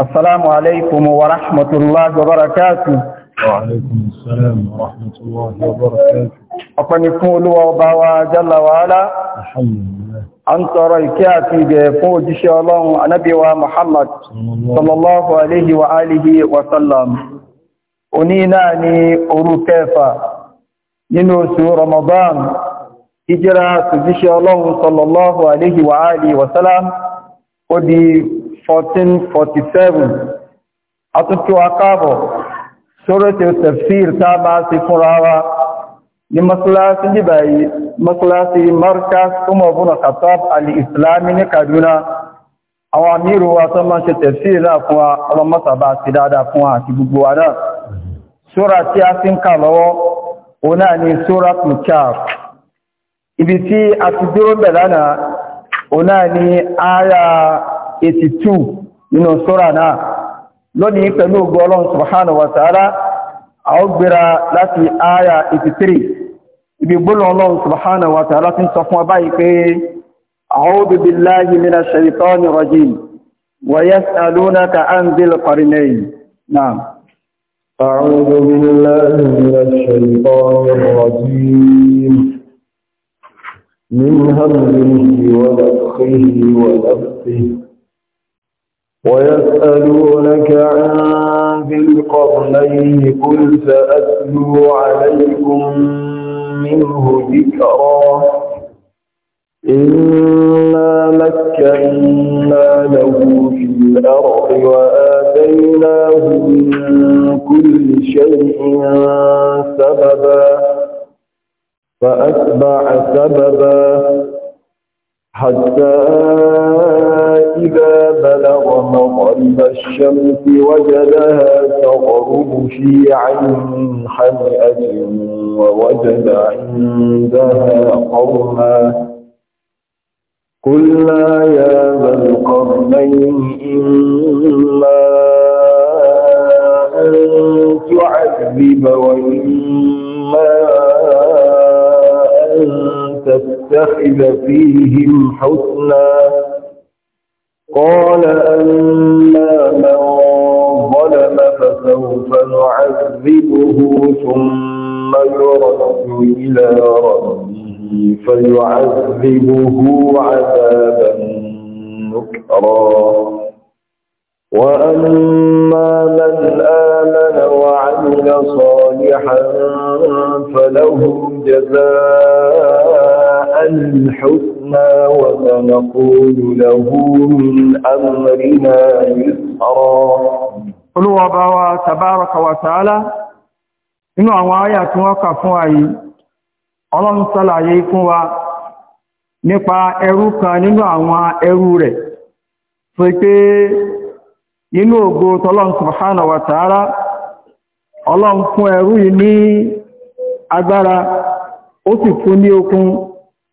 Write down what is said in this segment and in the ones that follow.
السلام عليكم ورحمة الله وبركاته وعليكم السلام ورحمة الله وبركاته أقني فولو وباوا جل وعلا الحمد لله أنت رأيكاتي بفوج شالله نبي ومحمد صلى الله عليه وآله وسلم أنيناني أروكيفا ننوسو رمضان هجرة سجيش الله صلى الله عليه وآله وسلم ودي 1447 àtúntò akáàbọ̀ sọ́rọ̀ tí ó tafsir tá a máa ti fúnra wa ní masalasi níbà yìí masalasi markas Umar ibn Khattab al-Islami ní Kaduna àwọn amíru wa tó máa ṣe tafsir náà fún wa ọlọ́mọ́sàbá àti dáadáa fún wa àti gbogbo wa náà sọ́rọ̀ tí a ti ń kà lọ́wọ́ òun ni sọ́rọ̀ tó ibi tí a ti dúró bẹ̀ lánàá òun ni áyà 82 nínú sura náà lónìí pẹ̀lú ògo Ọlọ́run subhanahu a ó gbéra láti aya 83 ibi gbólọ̀ Ọlọ́run subhanahu wa ń sọ fún ọba yìí pé من همه ونفخه ونفسه ويسألونك عن ذي القرنين قل سأتلو عليكم منه ذكرا إنا مكنا له في الأرض وآتيناه من كل شيء سببا فأتبع سببا حتى إذا بلغ مغرب الشمس وجدها تغرب في عين حمئة ووجد عندها قوما قلنا يا ذا القرنين إما أن تعذب وإما أن تتخذ فيهم حسنا قال أما من ظلم فسوف نعذبه ثم يرد إلى ربه فيعذبه عذابا نكرا وأما من آمن وعمل صالحا فله جزاء الحسن na وسنقول له من أمرنا يسرا قل وبوا تبارك وتعالى inú àwọn àyà tí ọlọ́run ṣàlàyé fún wa nípa ẹrú kan nínú àwọn ẹrú rẹ̀ tó pé inú ògo tọ́lọ́run ta'ala ọlọ́run fún ẹrú yìí ní agbára ó sì fún ní okun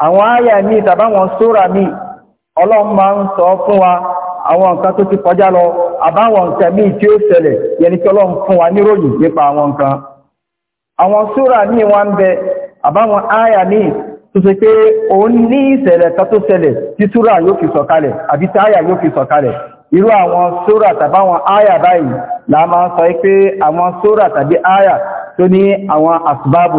àwọn mi ní ìtàbáwọn sóra mi ọlọ́mà ń sọ fún wa àwọn nǹkan tó ti kọjá lọ àbáwọn nǹkan mi tí ó sẹlẹ̀ yẹni tí fún wa níròyìn nípa àwọn nǹkan àwọn sóra míì wá ń bẹ àbáwọn àyà mi tó pé ní tó ṣẹlẹ̀ tí yóò fi sọ̀kalẹ̀ àbí tí yóò fi sọ̀kalẹ̀ irú àwọn sóra tàbáwọn báyìí la máa sọ pé àwọn sóra tàbí tó ní àwọn asbábù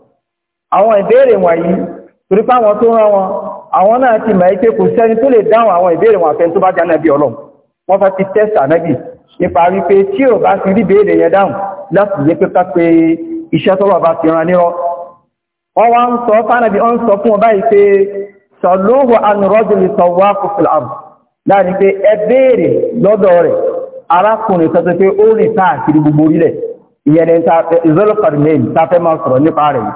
àwọn ìbéèrè wọ̀nyí torí pé àwọn tó rán wọn àwọn náà ti mọ̀ pé kò sẹ́ni tó lè dáhùn àwọn ìbéèrè wọn àfẹ́ tó bá jẹ́ ànábì ọlọ́run wọ́n fẹ́ ti test ànábì nípa wípé tí ò bá ti rí ìbéèrè yẹn dáhùn láti yẹ pé pé iṣẹ́ tọ́lọ̀ bá ti rán nírọ́ wọ́n wá ń sọ fánàbí ọ́n sọ fún ọba yìí pé sọlóhùn anurọ́dùnlé sọwọ́ kòfìlàmù láàrin pé ẹ béèrè lọ́dọ̀ rẹ̀ arákùnrin sọ́tọ́ pé ó rìn káàkiri gbogbo orílẹ̀ ìyẹn ni ìzọ́lọ́pàá rẹ̀ mẹ́rin tá a fẹ́ máa sọ̀rọ̀ nípa rẹ̀ yìí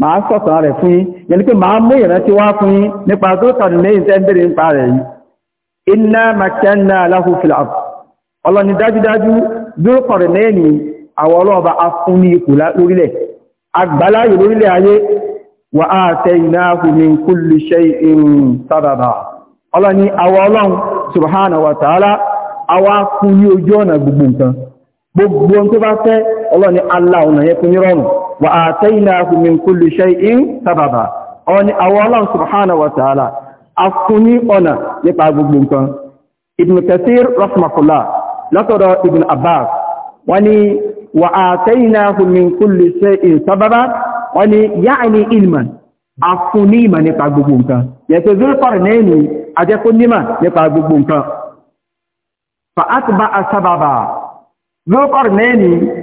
máa sọ̀tàn rẹ̀ fún yín yẹn ni pé máa mú ìrántí wá fún yín nípa tó tàbí lẹ́yìn tẹ́ ń bèèrè nípa rẹ̀ yìí iná makanna aláhùfìlà ọlọ́ni dájúdájú dúrókọ̀rẹ̀ lẹ́yìn àwọn ọlọ́ọ̀bá afún ní ipò lórílẹ̀ agbáláyè lórílẹ̀ ayé wà á tẹ iná min kulli shay'in ní ojú ọ̀nà gbogbo nǹkan gbogbo tó bá fẹ́ ọlọ́ni aláwọ̀nà yẹn fún yírọ̀rùn wà atainahu min kulli shay'in sábàbà ọ ni àwọn ọlọ́run subhanahu wa ta'ala a fún ní ọ̀nà nípa gbogbo nǹkan ibn kathir rahmakullah látọ̀dọ̀ ibn abbas wọ́n ni wà atainahu min kulli shay'in sábàbà wọ́n ni ya'ni ilman a fún ní nípa gbogbo nǹkan yẹ̀tẹ̀ zúrùkọ̀rọ̀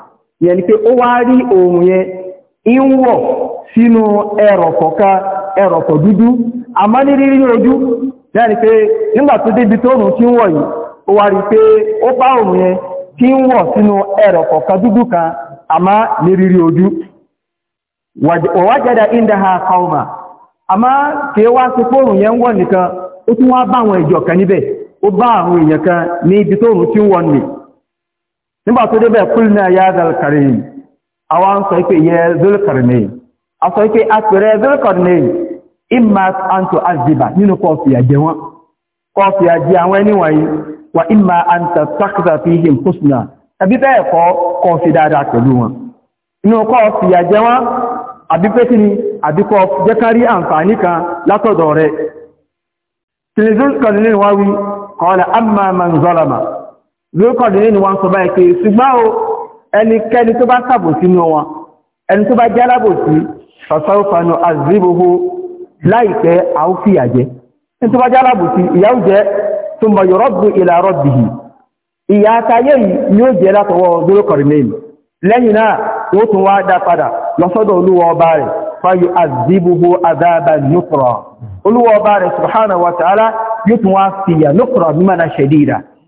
yẹn ni pé ó wá rí oòrùn yẹn ń wọ̀ sínú ẹrọ̀fọ̀ kan ẹrọ̀fọ̀ dúdú àmọ́ ní rírí ojú yẹn pé nígbà tó débi tó oòrùn tí ń wọ̀ yìí ó wá rí pé ó bá oòrùn yẹn tí ń wọ̀ sínú dúdú kan àmọ́ ní rírí ojú wàwájẹ́dà ìndáha kọmà àmá kí wá sí yẹn nìkan ó tún wá bá àwọn kan níbẹ̀ ó nígbà tó débẹ̀ ya zalkarin àwa ń sọ pé yẹ zulkarnain a sọ a pèrè zulkarnain imma anto aziba nínú kọfìyà jẹ wọn kọfìyà jẹ àwọn ẹni wa imma anta takza fihim husna àbí bẹ́ẹ̀ kọ́ kọfì dáadáa pẹ̀lú wọn inú kọfìyà jẹ wọn àbí ni àbí jẹ́kárí àǹfààní kan látọ̀dọ̀ rẹ̀ amma man lókọ̀dínlẹ́ ni wọ́n sọ báyìí pé ṣùgbọ́n o ẹnikẹ́ni tó bá sàbò sínú wọn ẹni tó bá jálábòsí sọ̀sọ́rọ̀fàánù àzíbòho láìpẹ́ àófíàjẹ́ ẹni tó bá jálábòsí ìyáwó jẹ́ tó mọ̀ yọ̀rọ̀ bu ìlà rọ̀bìhì ìyá atayé yìí ni ó jẹ́ látọwọ́ lókọ̀dínlẹ́ lẹ́yìn náà ó tún wá dá subhanahu wa ta'ala yóò tún wá fìyà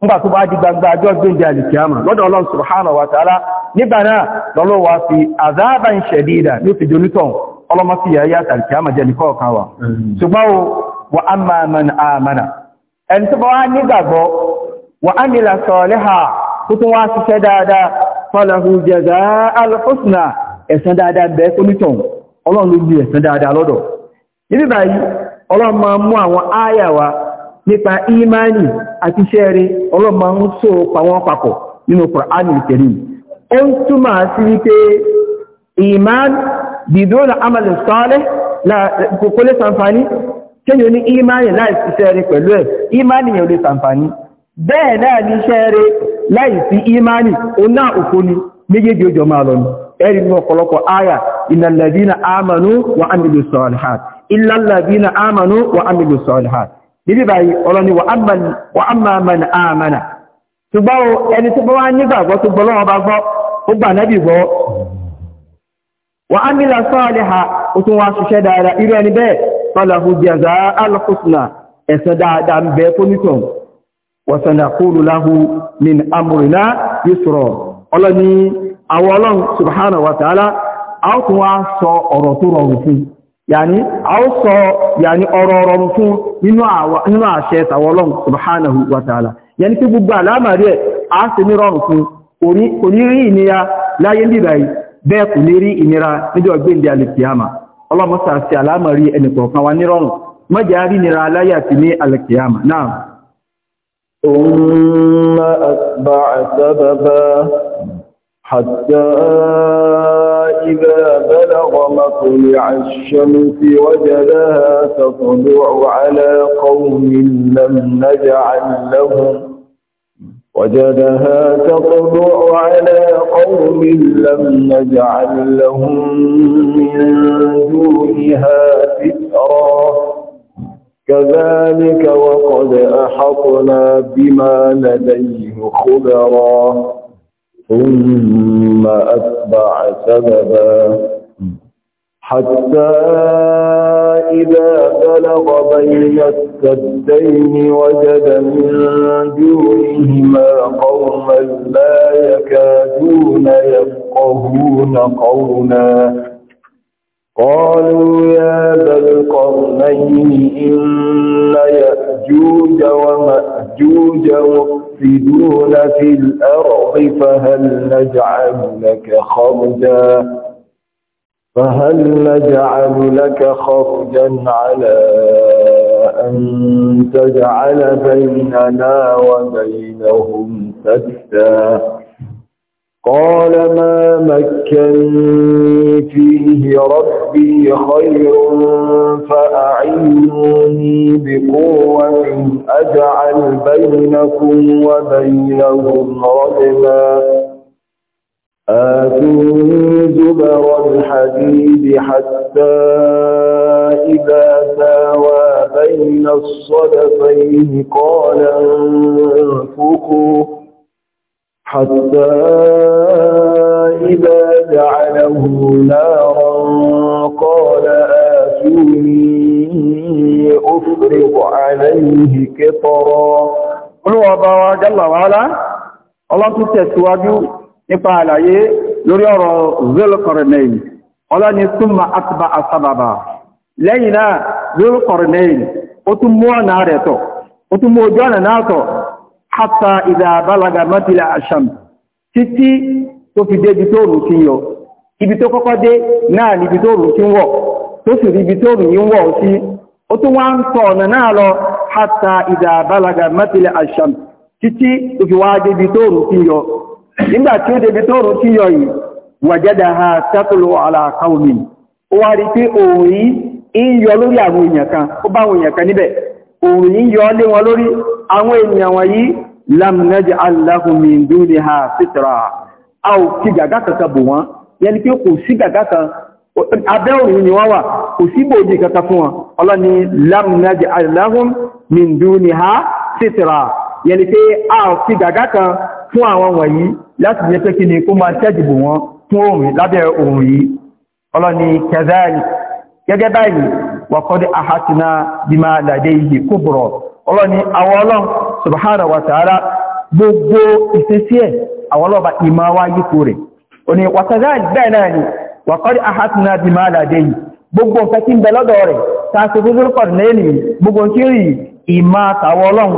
nígbà tó bá di gbangba ajọ́ gbéǹdé alìkìyàmà lọ́dọ̀ ọlọ́run subhanahu wa ta'ala nígbà náà lọ́lọ́ wa fi azaban shadida ní fi jonítàn ọlọ́mọ sí yàáyà alìkìyàmà jẹ́ nìkọ́ ọ̀kan wa ṣùgbọ́n wa amma man amana ẹni tó bá wá nígbàgbọ́ wa amila saliha nípa ìmáànì àti iṣẹ́ rẹ̀ ọlọ́mọ ń so pàwọn papọ̀ nínú Kùránì Karim ó ń túmọ̀ sí wípé ìmáàn bìdóòlà amalẹ̀ sọ́ọ́lẹ̀ kò lè sàǹfààní kéyò ní ìmáànì láìsí iṣẹ́ rẹ̀ pẹ̀lú ẹ̀ ìmáànì yẹn ò lè sàǹfààní bẹ́ẹ̀ náà ní iṣẹ́ rẹ̀ láìsí ìmáànì ó náà òfo salihat illal ladina amanu wa salihat níbí báyìí ọ̀rọ̀ ni wà ámàmàn àmànà ṣùgbọ́n ẹni tó bọ́ wá nígbàgbọ́ tó gbọ́ lọ́wọ́ bá gbọ́ ó gbà nábì gbọ́ wà ámìlà saliha ó tún wá ṣiṣẹ́ dáadáa irú ẹni bẹ́ẹ̀ falahu jaza'al husna ẹ̀san fún un yàní a ó sọ yàní ọ̀rọ̀ ọ̀rọ̀ fún nínú àṣẹ tàwọlọ́n subhanahu wa ta'ala yàní kí gbogbo àlámàrí ẹ̀ a ṣe ní rọrùn fún kò ní rí ìnira láyé nígbà yìí bẹ́ẹ̀ kò ní rí ìnira níjọ́ gbéǹdé alìkìyàmà ọlọ́mọ́sà sí àlámàrí ẹnìkọ̀ọ̀kan wa ní سببا حتى إذا بلغ مطلع الشمس وجدها تطلع على قوم لم نجعل لهم وجدها تطلع على قوم لم نجعل لهم من دونها سترا كذلك وقد أحطنا بما لديه خبرا ثم أتبع سببا حتى إذا بلغ بين السدين وجد من دونهما قوما لا يكادون يفقهون قولا قالوا يا ذا القرنين إن يأجوج ومأجوج يفسدون في الأرض فهل نجعل لك خرجا فهل نجعل لك خرجا على أن تجعل بيننا وبينهم سدا قال ما مكني فيه ربي خير فأعينوني بقوة أجعل بينكم وبينهم ردما آتوني زبر الحديد حتى إذا ساوى بين الصدفين قال انفقوا حتى إذا جعله نارا قال آتوني أفرغ عليه كطرا olúwọ̀ ọba wa jalla wa ala ọlọ́tún tẹ̀síwájú nípa àlàyé lórí ọ̀rọ̀ zulqarnayn ọlọ́ni thumma atba'a sababa lẹ́yìn náà zulqarnayn ó tún mú ọ̀nà rẹ̀ tọ̀ ó tún mú ojú ọ̀nà náà tọ̀ hátà ìdá àbálaga mọ́tílà àṣàm títí tó fi dé ibi tó rùn yọ ibi tó kọ́kọ́ dé náà ní ibi tó rùn wọ̀ tó sì rí ibi tó rùn yí wọ̀ sí ó tún wá ń tọ̀ ọ̀nà náà lọ ìdá àṣàm títí tó fi wá dé ibi tó ha ó wá rí pé ń yọ lórí àwọn èèyàn kan ó bá àwọn èèyàn kan níbẹ̀ lam naj'al lahum min dunha sitra aw ki gaga kan bo wọn yani ki kò sí gaga kan abẹ́ òrùn ni wọ́n wà kò sí bòjì kankan fún wọn ọlọ́ni lam naj'al lahum min dunha sitra yani ki aw ki gaga kan fún àwọn wọ̀nyí láti jẹ́ pé kí ni kó máa tẹ́jì bò wọn fún òrùn lábẹ́ òrùn yìí ọlọ́ni kadhalik gẹ́gẹ́ báyìí wa qad ahatina bima ladayhi kubra ọlọ́ni àwọn ọlọ́n subhanahu wa ta'ala gbogbo ìsẹsí ẹ̀ àwọn ọlọ́ba ìmá wá yípo rẹ̀ o ni wàtàdá bẹ́ẹ̀ náà ni wàkọ́rí àhátùnà bí máa làdé yìí gbogbo nǹkan tí ń bẹ lọ́dọ̀ rẹ̀ ta ṣe fúnfún pọ̀ lẹ́yìn gbogbo tí rí ìmá tàwọn ọlọ́n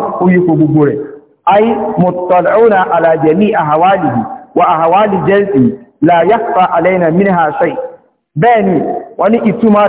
ó ní ìtumọ̀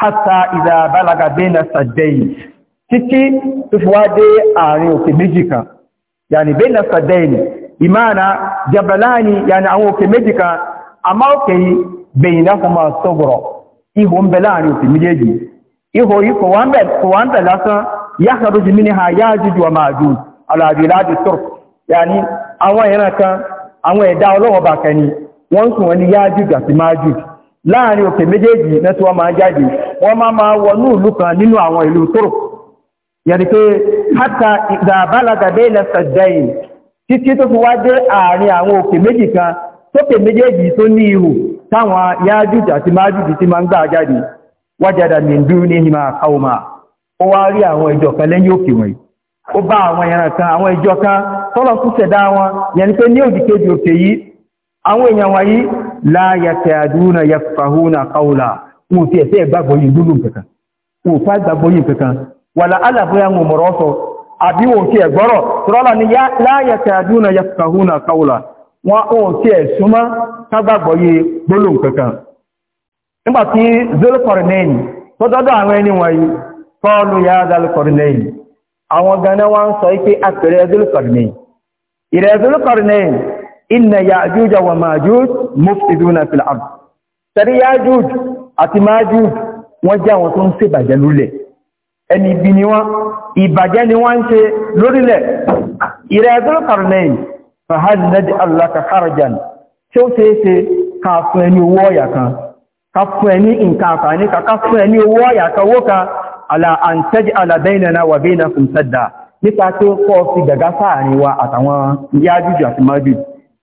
Hata ìdá bálaga bẹ́ẹ̀nà sàdẹ́yì títí tó fi wá dé àárín òkè méjì kan yàní bẹ́ẹ̀nà sàdẹ́yì ìmáàna jabalani yàní àwọn òkè méjì kan àmá òkè yìí bẹ̀yìnà kò máa sọ́gbọ̀rọ̀ ihò ń bẹ láàrin òkè méjèèjì ihò yìí kò wá ń bẹ lásán yáhàrú jù mínú ha yájújú wọ́n sùn wọn ni yájúj àti máàjúj láàrin òkè méjèèjì mẹ́tí wọ́n máa jáde wọ́n máa máa wọnú ìlú kan nínú àwọn ìlú tóró yẹni pé hátà ìgbàbálagàdé ilẹ̀ sàjẹ́yìn títí tó fi wá àárín àwọn òkè méjì kan tókè méjèèjì tó ní ihò táwọn yájújì àti májújì tí máa ń gbà jáde wájádà mìndú ní àwọn èèyàn wáyí láyàtẹ̀ àdúnà ya fàhúnà kàúlà wọn fi ẹ̀fẹ́ gbàgbọ́yìn lúlù kankan wọn fà gbàgbọ́yìn kankan wà láàlàbóyá wọn mọ̀rọ̀ sọ àbí wọn fi ẹ̀gbọ́rọ̀ tọ́lá ni láyàtẹ̀ ya fàhúnà kàúlà wọn fi ẹ̀súnmọ́ ya sọ inna ya'juj wa ma'juj mufsiduna fil ard sari ya'juj àti ma'juj wọ́n jẹ́ àwọn tó ń ṣe bàjẹ́ lulẹ̀ ẹni ibi ni wọ́n ìbàjẹ́ ni wọ́n ń ṣe lórílẹ̀ ìrẹ́ Dhul Qarnayn fa hal naj'al laka kharajan tí ó ṣeéṣe ká fún ẹni owó ọ̀yà kan ká fún ẹni nǹkan àfààní ká ká fún ẹni owó ọ̀yà kan owó kan ala an taj'ala baynana wa baynakum sadda nípa tó kọ́ fi gàgá sáàrin wa àtàwọn Ya'juj àti Ma'juj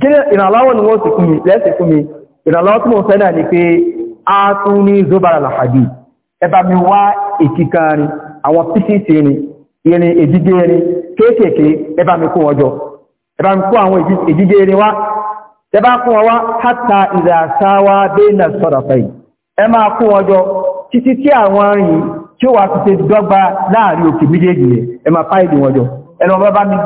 kí ni ìrànlọ́wọ́ ni wọ́n sì fún mi lẹ́sì fún mi ìrànlọ́wọ́ tí mo fẹ́ náà ni pé a tún ní zobara lahadi ẹba mi wá ìkíkà rin àwọn píṣìṣì rin irin èdígé rin kéékèèké ẹba mi kó wọn ẹba mi àwọn wá ẹba hátà ẹnu ọba bá mi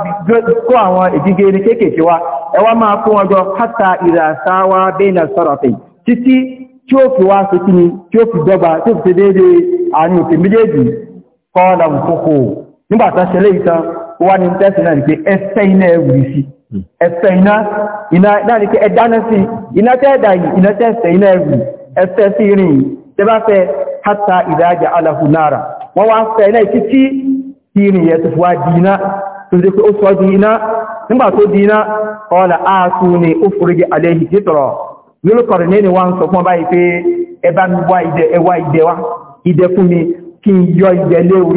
kó àwọn ìdíje ní kéèkèé wá ẹwà máa kó wọn jọ hátà ìràsáwà bẹ́ẹ̀nà sọ́rọ̀fẹ́ títí tí ó fi wá sí kí ni tí ó fi dọ́gba tí ó fi déédé àárín òkè méjèèjì kọ́ọ̀lá òkòkò nígbàtà ṣẹlẹ̀ ìtàn wá ní tẹ́sì náà pé ẹfẹ́ iná ẹwùrì sí ẹfẹ́ iná iná náà ni pé ẹdáná sí iná tẹ́ẹ̀dà wọ́n wá fẹ́ iná títí kí ni yẹ tó wá dínà tó jẹ́ pé ó sọ dínà nígbà tó dínà ọlá ààtù ni ó fúrigé aléhì títọ̀rọ̀ lórúkọ̀rọ̀ ní wọ́n sọ fún báyìí pé ẹbá mi wá ìdẹ ẹwà ìdẹ fún mi kí n yọ ìdẹ lé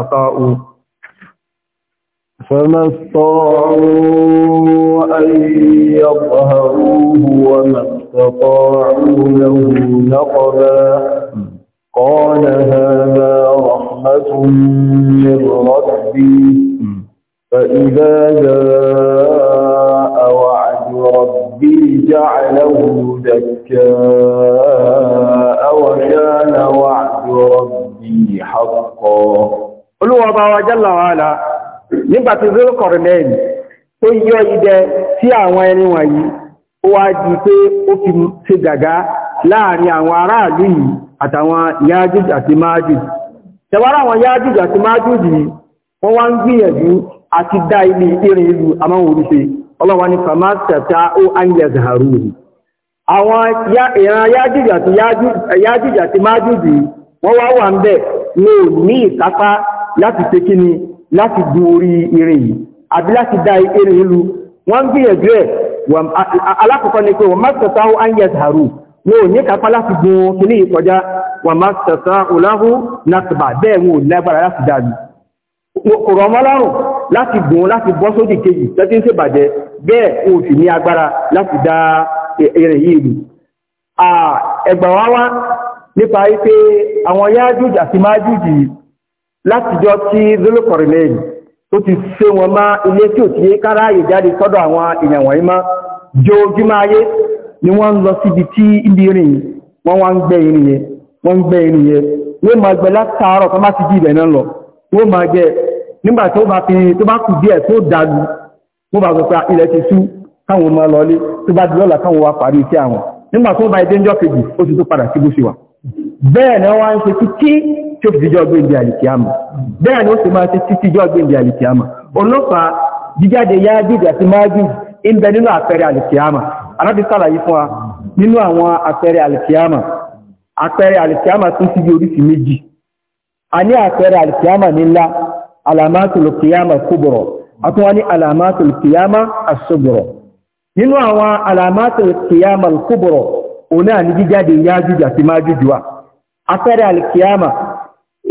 rìn فما استطاعوا أن يظهروه وما استطاعوا له نقبا قال هذا رحمة من ربي فإذا جاء وعد ربي جعله دكاء وكان وعد ربي حقا هو الله جل وعلا nígbà tí zero kọ̀rìnẹ́ẹ̀n tó yọ idẹ tí àwọn ẹni wọ̀nyí ó wá di pé ó fi ṣe gàgá láàrin àwọn aráàlú yìí àtàwọn yájúj àti májúj tẹwàrá àwọn yájúj àti májúj yìí wọ́n wá ń gbìyànjú àti dá ilé irin ìlú amáhùnúṣe ọlọ́wọ́ ní ó zaharu àwọn ìran yájúj àti májúj yìí wọ́n wá wà ń bẹ̀ ní ìkápá láti láti du orí irin yìí àbí láti dá irin ìlú wọ́n gbìyànjú ẹ̀ alákọ̀ọ́kọ́ ni pé wọ́n máa tẹ̀sá ó áyẹ̀ tààrù ní òní kápá láti gun kìní ìkọjá wọ́n máa tẹ̀sá òláhù nàtàbà bẹ́ẹ̀ wọn ò lágbára láti dájú kò rọ̀ mọ́lárùn láti látijọ́ tí zolokọ̀rìnlẹ́yìn tó ti ṣe wọn má ilé tí ò ti yé kára ìjáde sọ́dọ̀ àwọn èèyàn wọ̀nyí má ayé ni wọ́n ń lọ síbi tí ibi rìn wọ́n wá ń gbẹ́ irin yẹn wọ́n ń gbẹ́ irin yẹn wọ́n máa gbẹ látàárọ̀ tó bá ti di ibẹ̀ náà lọ wọ́n máa gbẹ nígbà tó bá fi tó bá kù díẹ̀ tó dàlú wọ́n bá sọ pé ilẹ̀ ti sú káwọn máa lọlé tó bá di lọ́la káwọn wá parí iṣẹ́ àwọn nígbà tó bá ẹdẹ́njọ́ kejì ó ti tó padà sí bó bẹ́ẹ̀ ni wọ́n ń ṣe títí tí ó fi jíjọ́ gbéǹdì àlìkíyàmà bẹ́ẹ̀ ni ó sì máa ti títí jọ́ gbéǹdì àlìkíyàmà olófàá jíjáde Yájúj àti Májúj ń bẹ nínú àpẹẹrẹ àlìkíyàmà alábi sàlàyé fún wa nínú àwọn àpẹẹrẹ àlìkíyàmà àpẹẹrẹ àlìkíyàmà tún sí bí oríṣi méjì a ní àpẹẹrẹ àlìkíyàmà nílá alamatul kiyama kubra àtún wá ní alamatul kiyama asubra nínú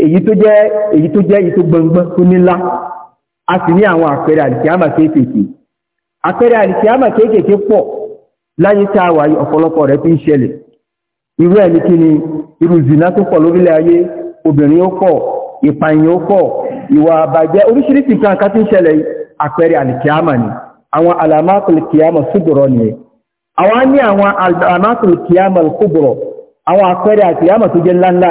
èyí tó jẹ́ èyí tó jẹ́ èyí tó gbọngbọ́n tó nílá a sì ní àwọn àpẹẹrẹ àlìkíámà kéékèèké àpẹẹrẹ àlìkíámà kéékèèké pọ̀ láyé tá a wà yí ọ̀pọ̀lọpọ̀ rẹ̀ fi ń ṣẹlẹ̀ irú ẹni kí ni irú zina tó pọ̀ lórílẹ̀ ayé obìnrin ó pọ̀ ìpànìyàn ó pọ̀ ìwà àbàjẹ́ oríṣiríṣi nǹkan kan tí ń ṣẹlẹ̀ àpẹẹrẹ àlìkíámà ni àwọn alamatul kiyama sùgbọ̀rọ̀ nìyẹn àwọn á ní àwọn alamatul kiyama àwọn àpẹẹrẹ àlìkíámà tó jẹ́ ńláńlá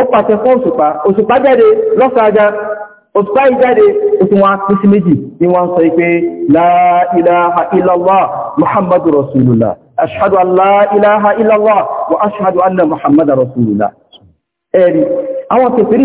ó pàṣẹ fún òṣùpá òṣùpá jáde lọ́sàájá òṣùpá yìí jáde òṣù méjì ní wọ́n sọ la ilaha illallah muhammadu rasulullah ashhadu an wa ashhadu muhammadu rasulullah ẹ̀rí àwọn kèfèrí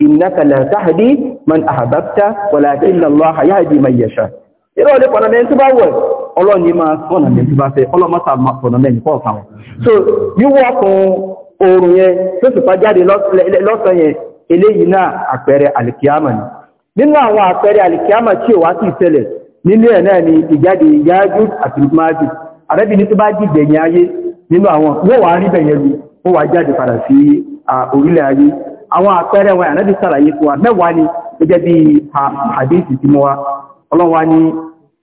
innaka la tahdi man ahbabta walakin Allah yahdi man yasha iro le pona men tó bá wo Ọlọ́run ni máa sọ́nà men tó bá fẹ́ Ọlọ́run máa ma sọ́nà men ko kan so you walk on orun yẹn tó sì pa jáde lọ sọ yẹn eléyìí náà àpẹẹrẹ alkiyama ni nínú àwọn àpẹẹrẹ alkiyama tí ó wá ti ṣẹlẹ̀ nínú ẹ̀ náà ni ìjáde yaju àti maji arabi ni tó bá di gbẹ̀yìn ayé nínú àwọn wo wá rí beyen lu ó wá jáde padà sí orílẹ̀ ayé àwọn àpẹẹrẹ wọn ànábì sàlàyé fún wa mẹ́wàá ni gẹ́gẹ́ bí àdéhìsì tí mọ́ wa ọlọ́wà ni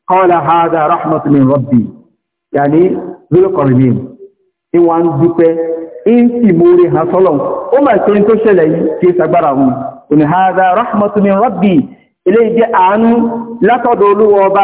qala hadha rahmatun min rabbi yàní zulqarnain ní wọ́n ń dúpẹ́ ń sì mórí ha sọ́lọ̀ ó mà pé tó ṣẹlẹ̀ yìí kí sagbára wọn òní hadha rahmatun min rabbi ilé jẹ́ àánú látọ̀dọ̀ olúwa ọba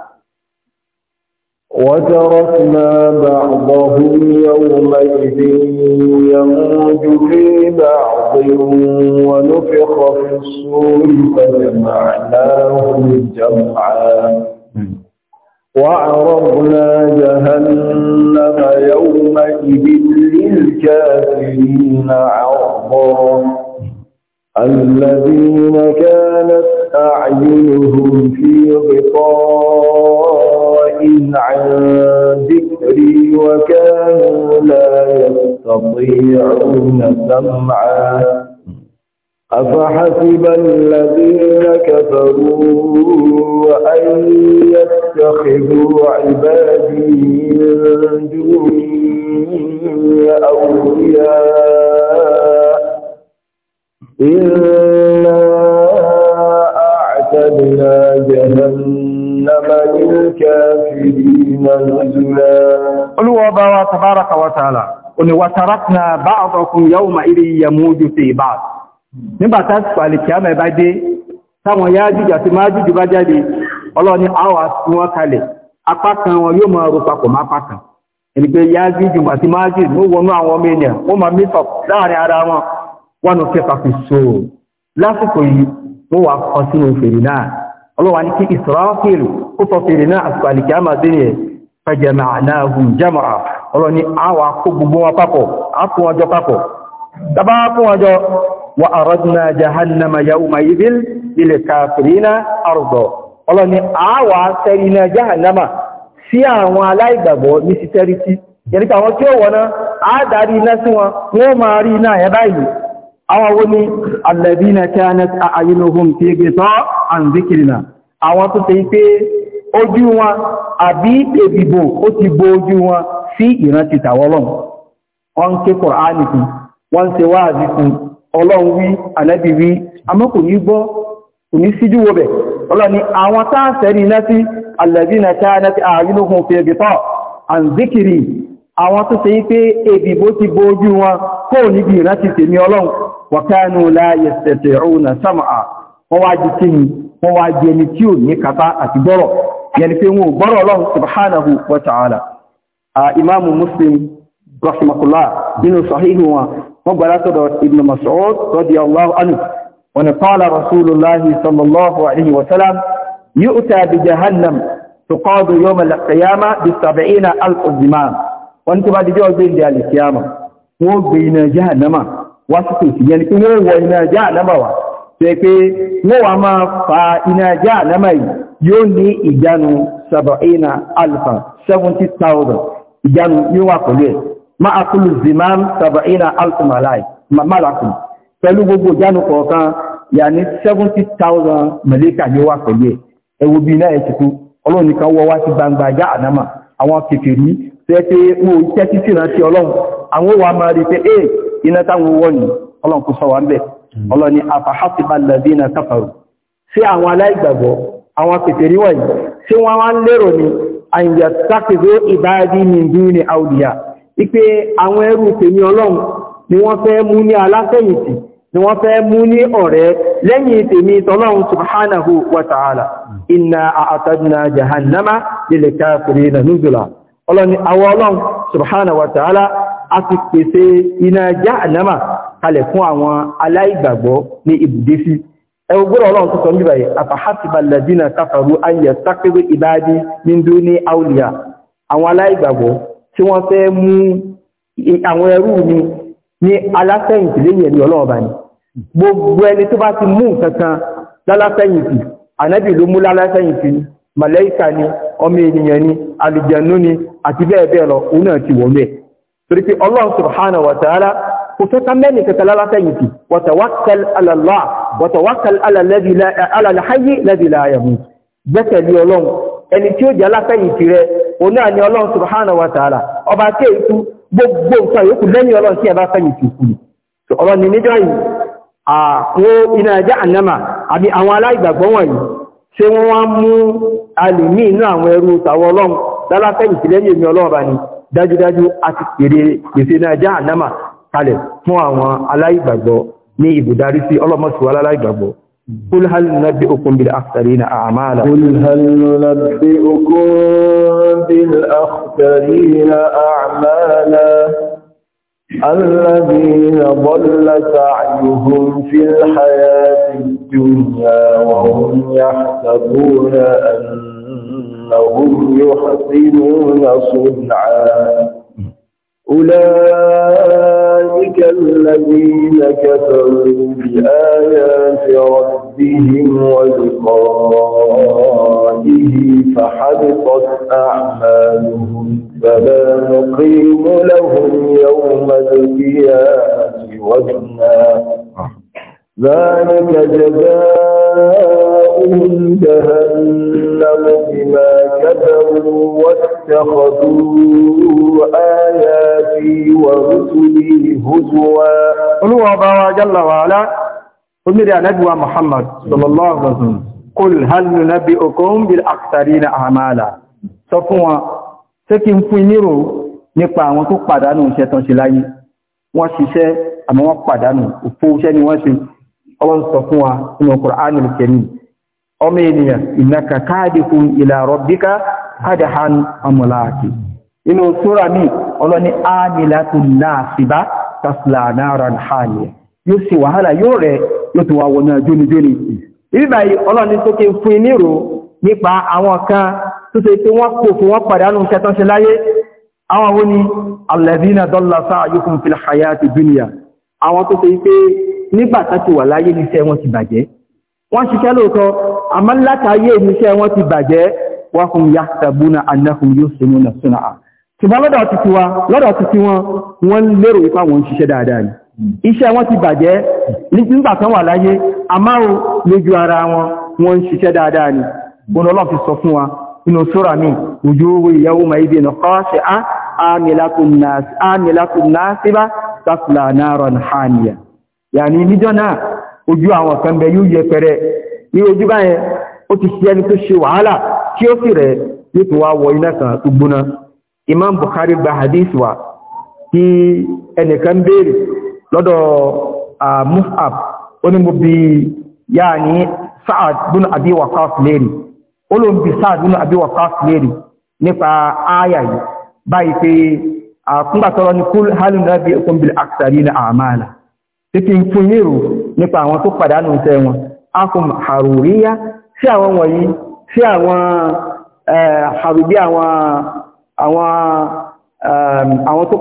وتركنا بعضهم يومئذ يموج في بعض ونفخ في الصور فجمعناهم جمعا وعرضنا جهنم يومئذ للكافرين عرضا الذين كانت أعينهم في غطاء عن ذكري وكانوا لا يستطيعون سمعا أفحسب الذين كفروا أن يتخذوا عبادي من دوني أولياء إنا أعتدنا جهنم Olúwọ́ bá wa tabaraka wa ta'ala, òní wa tarakna ba'dakum yawma idhin yamuju fi ba'd. Nígbàtá pàlìkì àmà ẹ̀bá dé, táwọn yá jùjà ti máa jùjù bá jáde, ọlọ́ni àwà tí wọ́n kalẹ̀, apá kan wọn yóò máa rúpa pọ̀ máa pàkàn. Ìrìgbé yá jùjù àti máa jù mú wọnú àwọn ọmọ ènìyàn, wọ́n máa mítọ̀ láàrin ara wọn, wọ́n nù kẹfà fi sóò. Lásìkò yìí, wọ́n wà kọ sínú fèrè náà, ọlọ́wà ní kí Israfil ó sọ fèrè náà àsìkò àlìkì àmà sí ni fajama'nahum jama'a ọlọ́wà ní àwà kó gbogbo wọn papọ̀ àkún ọjọ́ papọ̀ dábá kún ọjọ́ wa aradna jahannama yawma idhin lil kafirina arda ọlọ́wà ní àwà sẹ́rí náà jahannama àwọn wo ni alladhina kanat a'yunuhum fi ghita' an dhikrina àwọn tó tẹ́ pé ojú wọn àbí èbìbò ó ti bo ojú wọn sí ìrántí tàwọ́lọ́n wọ́n ké Kùránì fún wọ́n ṣe wáàzí fún ọlọ́run wí ànábì wí àmọ́ kò ní gbọ́ kò kó níbi ìrántí tèmi ọlọ́run wàkánú láyé tẹ̀tẹ̀ òun sàmà wọ́n wá jí tí ni wọ́n wá jí ẹni tí ò ní kàtà àti gbọ́rọ̀ yẹni pé wọn ò gbọ́rọ̀ ọlọ́run subhanahu wa ta'ala imaamu muslim rahimahullah nínú sahihu wọn wọ́n gbàdá sọ́dọ̀ ibn mas'ud radiyallahu anhu wọn bá dijọ́ gbé ìdí al wọ́n gbé iná jahannama wá síkò sí yẹn pé wọ́n wọ iná jahannama wà tẹ́ pé wọ́n wà máa fa iná jahannama yìí yóò ní ìjánu saba'ina alfa 70,000 ìjánu yóò wà pẹ̀lú ẹ̀ a kúlù zimam saba'ina alfa malai malakun pẹ̀lú gbogbo ìjánu kọ̀ọ̀kan yà ní 70,000 mẹ́lẹ́kà yóò wà pẹ̀lú ẹ̀ ẹwọ́ bí iná ẹ̀ ti kú ọlọ́nìkan wọ́ wá sí gbangba jahannama àwọn kèfèrí tẹ́ pé wọ́n jẹ́ títí ìrántí ọlọ́run àwọn wà máa rí pé é iná táwọn wọ́n ni ọlọ́run kò sọ wà ń bẹ̀ ọlọ́ni afahasiba alladhina kafaru sí àwọn aláìgbàgbọ́ àwọn pètèrí wọ̀nyí sí wọ́n wá ń lérò ní àyíyà tákìzó ibadi min duni awliya ipé àwọn ẹrù tèmi ọlọ́run ni wọ́n fẹ́ mú ní ọ̀rẹ́ lẹ́yìn tèmi tọ́lọ́run subhanahu wa ta'ala inna a'tadna jahannama lil kafirina nuzula ọlọ́ni àwọn ọlọ́run subhanahu wa ta'ala a ti pèsè iná jahannama kalẹ̀ fún àwọn aláìgbàgbọ́ ní ibùdé sí ẹgbẹ́gbẹ́ ọlọ́run tó sọ ní báyìí afahasiba alladhina kafaru an yattakhidhu ibadi min duni awliya àwọn aláìgbàgbọ́ tí wọ́n fẹ́ mú àwọn ẹrú mi ní alásẹ̀yìntì lẹ́yìn ẹ̀mí ọlọ́run bá ní gbogbo ẹni màlẹ́ìkà ni ọmọ ènìyàn ni alìjẹ̀nú ni àti bẹ́ẹ̀ bẹ́ẹ̀ lọ òun náà ti wọ̀mẹ́ torí pé Allah subhanahu wa ta'ala kò fẹ́ta mẹ́rin kẹta lálátẹ́yìntì wa tawakkal ala Allah wa ala al-hayy alladhi la yamut gbẹ́kẹ̀lé ọlọ́run ẹni tí ó jẹ́ alátẹ́yìntì rẹ òun náà ni Allah wa ta'ala ọba tí èkú gbogbo nǹkan yòókù lẹ́yìn ọlọ́run tí ẹ bá fẹ́yìntì kù ọlọ́run ni níjọ́ yìí àkó iná jahannama àbí àwọn aláìgbàgbọ́ wọ̀nyí ṣe wọ́n wá mú alìmí inú àwọn ẹrú tàwọn ọlọ́run lálátẹ́ ìtìlẹ́yìn èmi ọlọ́ọ̀bá ni dájúdájú àti pèrè pèsè náà já ànámà kalẹ̀ fún àwọn aláìgbàgbọ́ ní ibùdarí sí ọlọ́mọ̀síwá الذين ضل سعيهم في الحياة الدنيا وهم يحسبون أنهم يحسنون صنعا أولئك الذين كفروا بآيات ربهم ولقائه به فحبطت أعمالهم فلا نقيم لهم يوم القيامة وزنا ذلك جزاؤهم جهنم بما كفروا واتخذوا آياتي ورسلي هزوا قل هو جل وعلا قل لي محمد صلى الله عليه وسلم kul hannu na bí okun bil aksari na amala sọ fún wọn tí kí n fún nírò nípa àwọn tó pàdánù iṣẹ́ tán ṣe láyé wọ́n ṣiṣẹ́ àmọ́ wọ́n pàdánù òfó iṣẹ́ ni wọ́n ṣe ọlọ́n sọ fún wa nínú Qur'anul Karim ọmọ ènìyàn innaka kadihun ila rabbika qadhan amlaki inú sura mi ọlọ́ni amilatun nasiba tasla naran haniya yóò sì wàhálà yóò rẹ̀ yóò tó wà wọnà jónijóni ìbáyìí ọlọ́ni tó ké fún inírò nípa àwọn kan tó ṣe pé wọ́n kò fún wọ́n pàdánù kẹtàn ṣe láyé àwọn wo ni alladhina dalla sa'yukum fil hayati dunya àwọn tó ṣe pé nígbàtà ti wà láyé níṣẹ́ wọn ti bàjẹ́ wọ́n ṣiṣẹ́ lóòótọ́ àmọ́ látàáyé níṣẹ́ wọn ti bàjẹ́ wa hum yahsabuna annahum yuhsinuna sun'a ṣùgbọ́n lọ́dọ̀ ti iṣẹ́ wọn ti bàjẹ́ nígbà tán wà láyé àmáhò lójú ara wọn wọ́n ń ṣiṣẹ́ dáadáa ni bọ́n ọlọ́ fi sọ fún wa inú sóra mi ojú owó ìyàwó ma ibi ẹ̀nà kọ́ṣẹ́ ámìlàkùn náà síbá tàkùlà náà hàníyà yàní níjọ́ náà ojú àwọn kan bẹ yóò yẹpẹrẹ ti ẹnìkan béèrè lọ́dọ̀ Mus'ab ó ní mo bi yáà ní Sa'ad bin Abi Waqqas ó ló ń bi Sa'ad bin Abi Waqqas nípa yìí báyìí pé àkúngbàtọ́rọ ní kúl na àwọn tó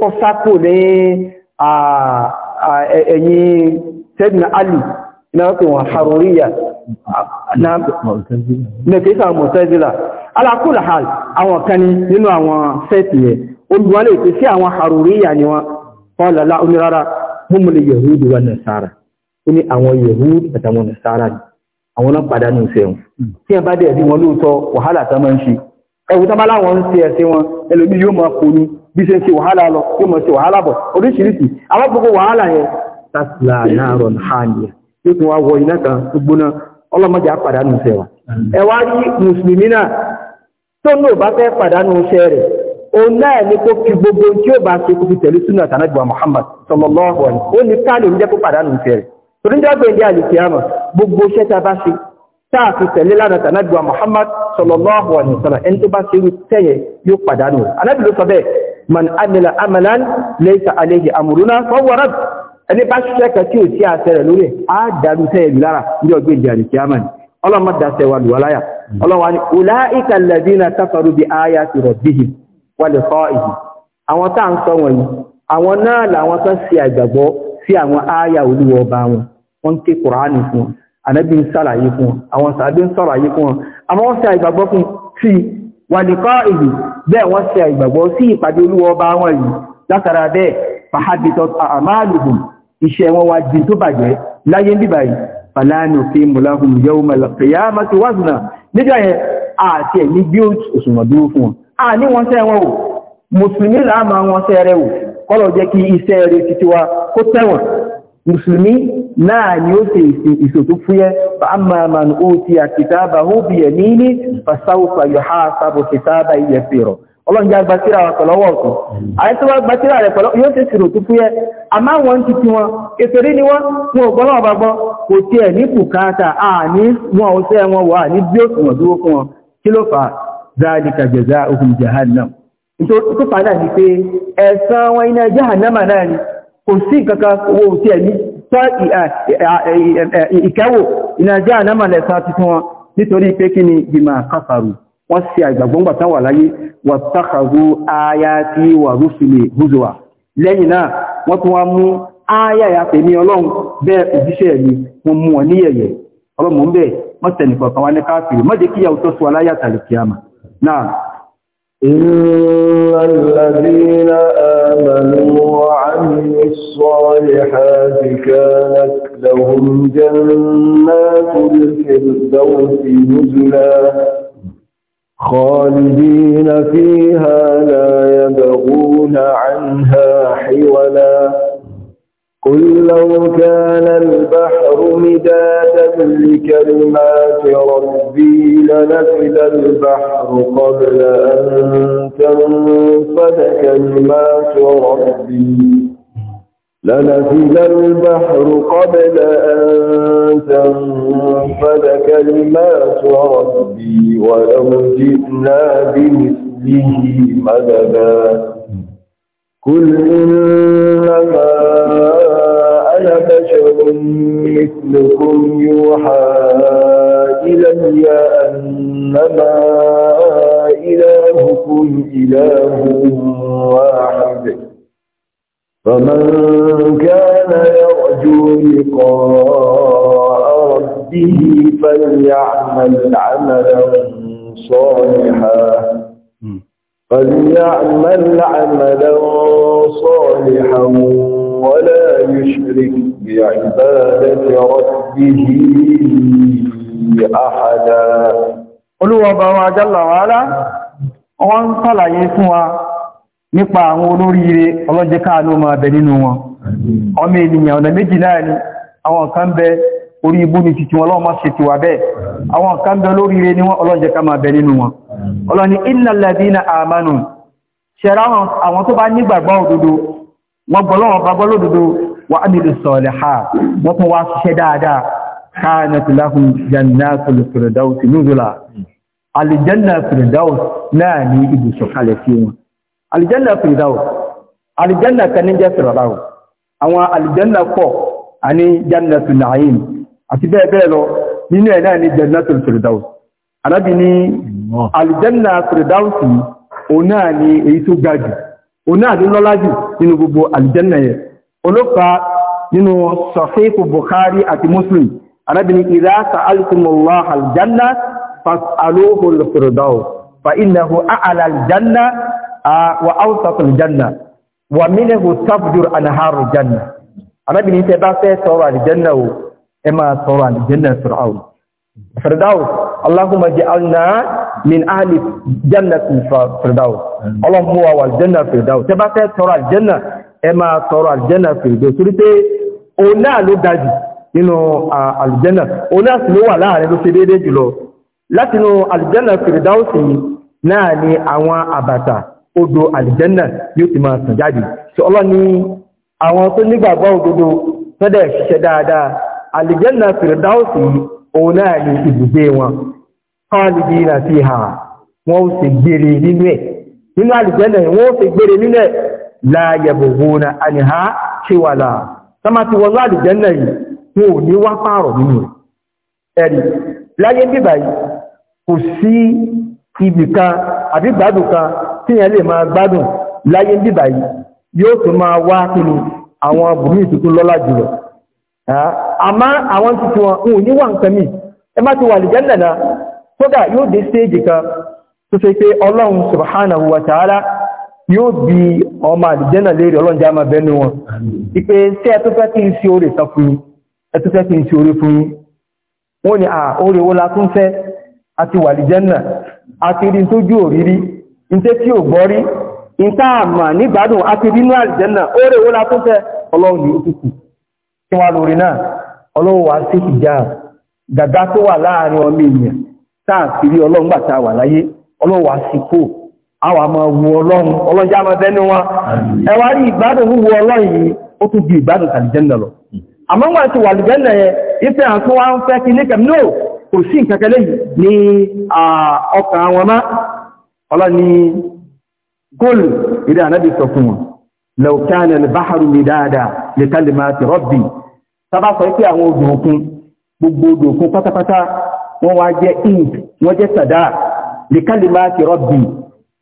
kọ́ sákò ní ẹ̀yìn tẹ́dìnà alì iná pè wọn haruriya na kìí sáwọn mọ̀tẹ́dìlà alákùnlá hal àwọn kan nínú àwọn sẹ́ẹ̀tì yẹ olùwọ́lẹ̀ ìpé sí àwọn haruriya ni wọ́n wọ́n lọ́lá onírara múmùlẹ̀ yahudu wa nasara ní àwọn yahudu àtàwọn nasara ni àwọn náà padà ní ìfẹ́hùn tí ẹ bá dẹ̀ sí wọn lóòótọ́ wàhálà tá yóò máa kò ní bí ṣe ń ṣe wàhálà lọ yóò mọ̀ ṣe wàhálà bọ̀ oríṣiríṣi àwọn gbogbo wàhálà yẹn tasla náàrọ̀ hàníyà yóò tún wá wọ iná kan gbóná ọlọ́mọdé àpàdánù iṣẹ́ wa ẹ wá rí mùsùlùmí náà tó ní ò bá fẹ́ pàdánù iṣẹ́ rẹ̀ òun náà ni kó fi gbogbo tí ó bá ṣe kó fi tẹ̀lé súnà tànàbíwá Muhammad sallallahu alaihi ó ní káàlì oúnjẹ kó pàdánù iṣẹ́ rẹ̀ torí jágbé ní àlùkí àmà man amila amalan laysa alayhi amruna fahuwa radd ẹni bá ṣiṣẹ́ kan tí ò sí àṣẹ rẹ̀ lórí á dàrú sẹ́yẹ̀ bí lára ní ọgbẹ́ ìdí àríkíámà ni ọlọ́mọ dàṣẹ wà lùwà láyà ọlọ́wà ni ulaika alladhina kafaru bi ayati rabbihim wa liqa'ihi àwọn tá à ń sọ wọ̀nyí àwọn náà làwọn tó ń ṣe àgbàgbọ́ sí àwọn ááyà olúwọ ọba wọn wọ́n ń ké kùránì fún wọn ànábì ń sàlàyé fún wọn àwọn sàbí ń sọ̀rọ̀ àyè fún wọn àwọn wàlìkọ́ ìlú bẹ́ẹ̀ wọ́n ṣe ìgbàgbọ́ sí ìpàdé olúwa ọba wọn yìí látara bẹ́ẹ̀ fàhádìtọ̀ àmàlùhùn iṣẹ́ wọn wá jí tó bàjẹ́ láyé níbàyí a ni wọn ṣẹ́ o titiwa mùsùlùmí náà ni ó ṣe ìṣò tó fúyẹ́ fa amma man utiya kitabahu bi yamini fa sawfa yuhasabu kitaban yasira ọlọ́run já gba síra wa pẹ̀lọ́wọ́ ọ̀tún àyẹ́ tó wá gba síra rẹ̀ pẹ̀lọ́ yóò ṣe ṣìrò tó fúyẹ́ àmá wọn ti ti wọn ètòrí ni wọ́n wọn ò gbọ́nà ọba gbọ́ kò ẹ̀ ní kùkátà àní wọn ò tẹ́ wọn wà ní bí òṣùwọ̀n dúró fún wọn kí ló fà zalika jazaa'uhum jahannam tó fà kò sí kankan owó tí ẹ̀mí tọ́ ìkẹwò ìnàjá ànámà lẹ́sà ti fún wọn nítorí pé kí ni bima kafaru wọ́n sí àgbàgbọ́ngbàtán wà láyé wattakhadhu ayati wa rusuli huzwa lẹ́yìn náà wọ́n tún wá mú ayáyà tèmi ọlọ́run bẹ́ẹ̀ òjíṣẹ́ mi wọ́n mú wọn ní yẹ̀yẹ̀ ọlọ́mọ̀ ń bẹ́ẹ̀ mọ́tẹ̀nìkọ̀ọ̀kan إن الذين آمنوا وعملوا الصالحات كانت لهم جنات الفردوس نزلا خالدين فيها لا يبغون عنها حولا لو كان البحر مدادا لكلمات ربي لنفد البحر قبل أن تنفد كلمات ربي لنفد البحر قبل أن تنفد كلمات ربي ولو جئنا بمثله مددا كل إنما بشر مثلكم يوحى إلي أنما إلهكم إله واحد فمن كان يرجو لقاء ربه فليعمل عملا صالحا فليعمل عملا صالحا ولا يشرك بعبادة ربه أحدا Olúwa Ọba wa jalla wa ala wọ́n ń sàlàyé fún wa nípa àwọn olóríire ọlọ́jẹ́ káàlú ọmọ abẹ nínú wọn. Ọmọ ènìyàn ọ̀nà méjì náà ni àwọn kan bẹ orí ibú ni titi wọn lọ́wọ́ ṣe ti wà bẹ́ẹ̀. Àwọn kan bẹ olóríire wa amìlì sọ̀lẹ̀ ha wọ́n tún wá ṣiṣẹ́ dáadáa kanat lahum jannatul firdaus nuzula alìjẹ́nà firdaus náà ní ibùsọ̀ kalẹ̀ sí wọn alìjẹ́nà firdaus alìjẹ́nà kan ní jẹ́ firdaus àwọn alìjẹ́nà pọ̀ àní jannatu na'im àti bẹ́ẹ̀ bẹ́ẹ̀ lọ nínú ẹ̀ náà ní jannatul firdaus anábì ní alìjẹ́nà firdaus òun náà ní èyí tó ga jù náà ló lọ́lá jù nínú gbogbo alìjẹ́nà yẹn olófà nínú sọ̀fẹ́kù Bukhari àti Muslim arábìnrin idha sa'altumullaha aljanna fas'aluhu al-firdaus fa innahu a'la aljanna wa awsat aljanna wa minhu tafjur anharu aljanna arábìnrin tẹ́ bá fẹ́ tọrọ aljanna o ẹ máa aljanna ẹ máa tọrọ àlìjẹ́nà fèrèdè torí pé òun náà ló ga jù nínú àlìjẹ́nà òun náà sì ló wà láàrin ló ṣe déédéé jùlọ látinú àlìjẹ́nà fèrèdáùsì náà ni àwọn àbàtà odò àlìjẹ́nà yóò ti máa sàn jáde tí ọlọ́ni àwọn tó nígbàgbọ́ òdodo tọ́dẹ̀ ṣiṣẹ́ ni ibùgbé wọn kọ́ọ̀lìdì ìrìnà sí ha wọ́n ó sì gbére nínú láyẹ̀bùgbóná àníhá ṣíwàlá sọmá ti wọ́n láàdì jẹ́nà yìí wọn ò ní wá pààrọ̀ nínú ẹ̀rì láyé bíbà yìí kò sí ibì kan àbí gbádùn kan tí yẹn lè máa gbádùn láyé bíbà yìí yóò tún máa wá nínú àwọn bùnmí ìtútù lọ́lá jùlọ àmá àwọn tuntun wọn ò ní yóò bí ọmọ àdìjẹ́nà lérí ọlọ́njá máa bẹ́nu wọn ipé tí ẹ tó fẹ́ n sí orí sọ fún yín ẹ tó fẹ́ n sí orí fún yín wọ́n ni àórí owó la àti wàdìjẹ́nà àti rí tójú òrírí tí rí nígbàdùn àti rínú àdìjẹ́nà àwọn àmọ́ wu ọlọ́run ọlọ́jà máa tẹ́nu wọn ẹwà rí ìgbádùn wúwo ọlọ́run yìí ó tún bí ìgbádùn tàlìjẹ́nà lọ hmm. àmọ́ wọ́n ti wà lìjẹ́nà yẹn ìfẹ́ àti wọ́n ń fẹ́ kí ní kẹm náà kò sí ìkẹ́kẹ́lẹ́ ní ọkàn àwọn má ọlọ́ni góòlù ìdá ànábì sọ fún wọn lẹ́ọ̀kánà báhàrù mi dáadáa wọ́n wá jẹ́ ink wọ́n jẹ́ sàdá lè kálì ti rọ́bì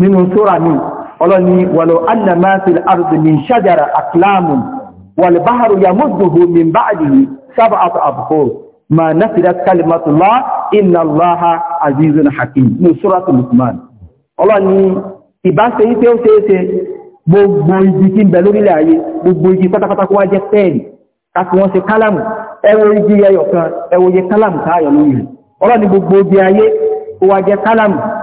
nínú sóra ní ọlọ́ni wàlọ̀ annamasil ardi min shajara aklamun walbaharu yamudduhu min ba'dihi sab'atu abhur ma nafidat kalimatullah inna allaha azizun hakim ní sóra tó lukman ọlọ́ni ìbáṣe yí pé ó ṣeéṣe gbogbo igi tí ń bẹ lórílẹ̀ ayé gbogbo igi pátápátá kó wá jẹ́ pẹ́ẹ̀lì láti wọ́n ṣe kálàmù ẹwọ igi ẹyọ kan ẹwọ yẹ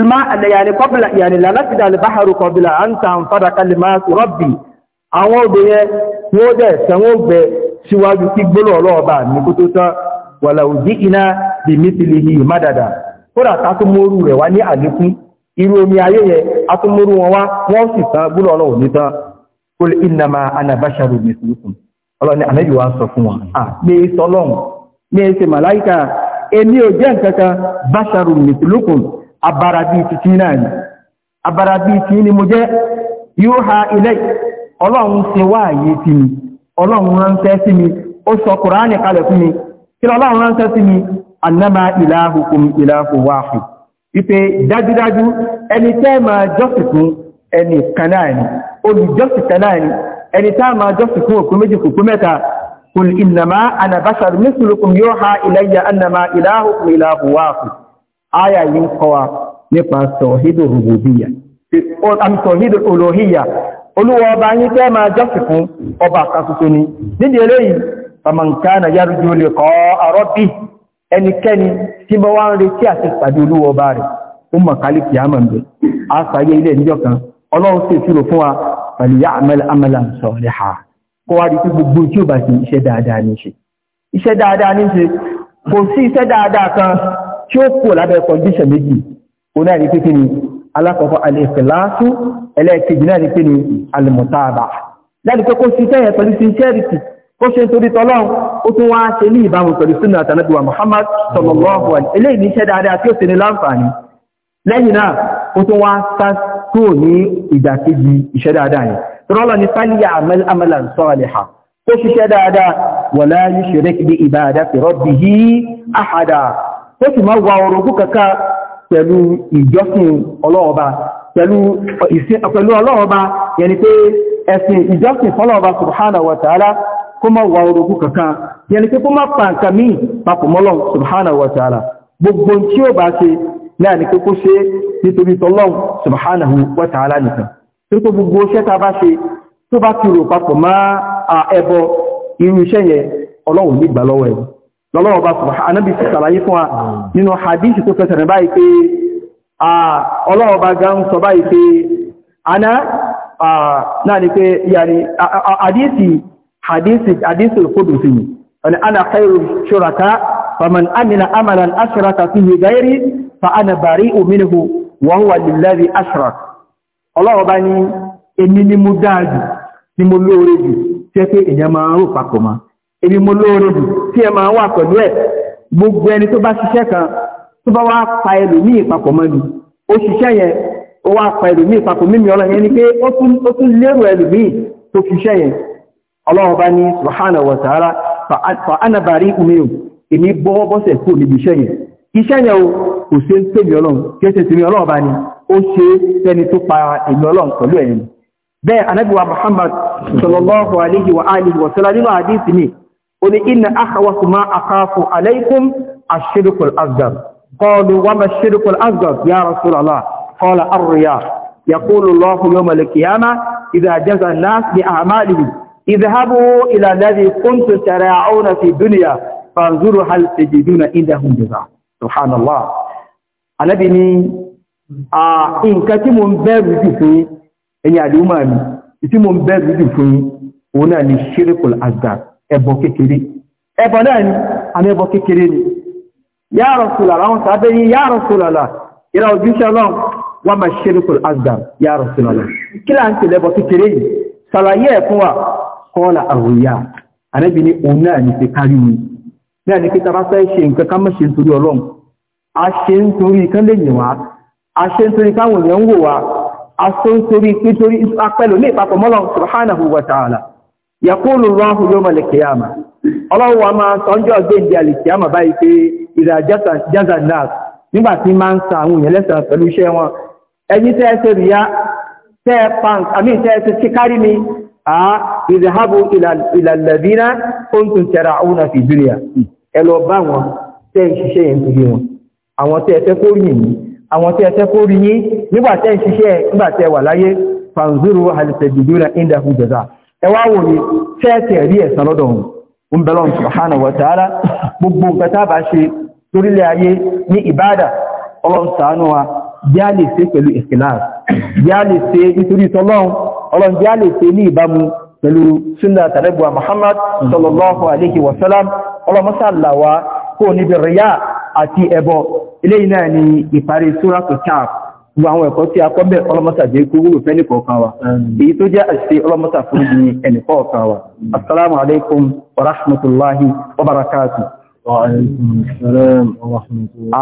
الماء يعني قبل يعني لا نفد البحر قبل أن تنفد كلمات ربي àwọn obìnrin wọ́n dẹ̀ sẹ́wọ́n gbẹ síwájú kí gbólọ̀ ọlọ́ọ̀bá ní kó tó tán wà láwùjí iná bí mísìlì yìí mádàdà kódà tátúmórú rẹ̀ wá ní àlékún irú omi ayé yẹ atúmórú wọn wá wọ́n sì tán gbólọ̀ ọlọ́ọ̀ ní tán kó lè ìnàmà anàbáṣàrò mẹ́sìlùkùn ọlọ́ni àmẹ́bí wa sọ fún wọn à ní sọlọ́run ní ẹsẹ̀ màláìkà èmi ò jẹ́ nǹkan kan báṣàrò abára bí ti tí náà ni abára bí ti ní mo jẹ́ yóò ha ilé ọlọ́run ṣe wá àyè sí mi ọlọ́run ránṣẹ́ sí mi ó sọ kùránì kalẹ̀ fún mi kí ọlọ́run ránṣẹ́ sí mi annama ilahukum ilahu wahid wípé dájúdájú ana bashar mislukum yuha ilayya annama ilahukum ilahu wahid Aya yìí ń kọ́ wa nípa tọ̀hídò rùbùbíyà àmì tọ̀hídò olóhíyà olúwa ọba yìí tẹ́ máa jọ́sìn fún ọba kàtútù ni nídi eléyìí famankana yárújú lè kọ́ àrọ́bí ẹnikẹ́ni tí bọ́ wá ń retí àti pàdé olúwa ọba rẹ̀ ó mọ̀ kálí kìí àmà mbẹ̀ a sàyé ilé níjọ́ kan ọlọ́run sì ìṣirò fún tí ó kò lábẹ́ condition méjì o náà ní pé kí ni alákọ̀ọ́kọ́ alẹ́kẹ̀láṣú ẹlẹ́ẹ̀kejì náà ní pé ni alìmọ̀tàbà láti pé kó sí tẹ́yẹ pẹ̀lú sincerity kó ṣe nítorí tọ́lọ́n ó tún wá ṣe ní ìbámu pẹ̀lú sínú àtàlẹ́bíwà Muhammad sallallahu alaihi eléyìí níṣẹ́ dáadáa tí ó ṣe ní láǹfààní lẹ́yìn náà ó tún wá sá kúrò ní ìdàkejì iṣẹ́ dáadáa yẹn tọ́lọ́ ni fálíyà amalan salihan ó sì máa wà orogún kẹka pẹ̀lú ìjọsìn ọlọ́ọba pẹ̀lú ọlọ́ọba yẹni pé ẹ̀sìn ìjọsìn fọ́lọ́ọba subhanahu wa ta'ala kó má wà orogún kẹka yẹni pé kó má pàǹkà wa ta'ala gbogbo tí ó bá ṣe ni pé kó ṣe wa ta'ala nìkan tí kó gbogbo iṣẹ́ ta bá ṣe tó bá lọ́lọ́wọ́ bá sọ̀rọ̀ anábì sí sàlàyé fún wa nínú hadithi tó fẹsẹ̀rẹ̀ báyìí pé ọlọ́wọ́ bá ga ń sọ báyìí pé aná náà ni pé yàrí hadithi hadithi hadithi kódù sí ni wani ana khairu shuraka faman amina amalan ashraka fihi gairi fa ana bari'u minhu wa huwa lillazi ashraka ọlọ́wọ́ bá ní èmi ni mo dáa jù ni mo lóore jù tí ẹ pé èèyàn máa ń rò papọ̀ máa èmi mo lóore dù tí ẹ máa wà pẹ̀lú ẹ̀ gbogbo ẹni tó bá ṣiṣẹ́ kan tó bá wá pa ẹlòmí ìpapọ̀ mọ́ ni ó ṣiṣẹ́ yẹn ó wá pa ẹlòmí ìpapọ̀ mímí ọlọ́run yẹn ni pé ó tún lérò ẹlòmí tó ṣiṣẹ́ yẹn ọlọ́run bá ní subhanahu wa ta'ala fa ana bari'u minhu èmi bọ́wọ́ bọ́sẹ̀ kúrò níbi iṣẹ́ yẹn iṣẹ́ yẹn o kò ṣe ń tèmi ọlọ́run kí ẹ ṣe tèmi ọlọ́run bá ní ó ṣe fẹ́ni tó pa èmi ọlọ́run pẹ̀lú ẹ̀yìn bẹ́ẹ̀ anábìwá Muhammad sallallahu wa alihi wa sallam nínú àdíìsì ni ó ní inna akhawatu ma akhafu alaykum ash-shirkul asghar qalu wa ma ash-shirkul asghar ya rasulallah qala ar-riya yaqulu Allahu yawm al-qiyamah idha jaza an-nas bi a'malihim idhabu ila alladhi kuntum tara'una fi dunya fanzuru hal tajiduna indahum jaza subhanallah alabi ni a nǹkan tí mo bẹ̀rù jù fún ẹ̀yin àdúmọ̀ mi tí mo bẹ̀rù jù fún òun náà ni shirkul asghar ẹbọ kékeré ẹbọ náà ni àmì ẹbọ kékeré ni ya Rasulullah àwọn sábẹ́ yìí ya ya Rasulullah kí là ń tẹ̀lé ẹbọ kékeré yìí sàlàyé ẹ̀ fún wa kọ́ọ̀lá àrùyá àrẹ́bì ní òun náà ní pé kárí mi náà ní pé tàbá fẹ́ ṣe nǹkan ká mọ́ ṣe nítorí ọlọ́run a ṣe nítorí kán lè yìn wá káwọn èèyàn ń wò wá a ṣe nítorí torí apẹ́lò ní ìpapọ̀ mọ́lọ́run subhanahu wa ta'ala yàkúlù lọ́hùn yóò mọ̀lẹ̀ kìyàmà ọlọ́wọ́ a máa sọ́njọ́ gbéǹdé alìkìyàmà báyìí pé ìrà jaza náà nígbà ń sa àwọn èèyàn lẹ́sàn pẹ̀lú iṣẹ́ wọn ẹni tẹ́ ẹsẹ̀ tẹ́ ẹ àmì tẹ́ ẹsẹ̀ a ìrìnàbò oúnjẹ ẹ lọ bá wọn tẹ́ ń ṣiṣẹ́ yẹn torí wọn àwọn tẹ́ ẹsẹ̀ kó yìí àwọn tẹ́ ẹsẹ̀ kó yìí ẹwà wò ní tẹ́ẹ̀tẹ̀ rí ẹ̀san lọ́dọ̀ ohun ń bẹ̀lọ́ subhanahu wa ta'ala gbogbo nǹkan tá bá ṣe lórílẹ̀ ayé ní ìbádà ọlọ́run ṣàánú wa yá lè ṣe pẹ̀lú ikhlas yá lè ṣe nítorí tọ́lọ́run ọlọ́run yá lè ṣe ní ìbámu pẹ̀lú sunna tàrẹ́bùwa gbogbo àwọn ẹ̀kọ́ tí a kọ́ bẹ̀ ọlọ́mọ́sà jẹ́ kó wúlò fẹ́ nìkọ̀ọ̀kan wa èyí tó jẹ́ àṣìṣe ọlọ́mọ́sà fún ní ẹnìkọ̀ọ̀kan wa assalamu alaikum wa rahmatullahi wa barakatuh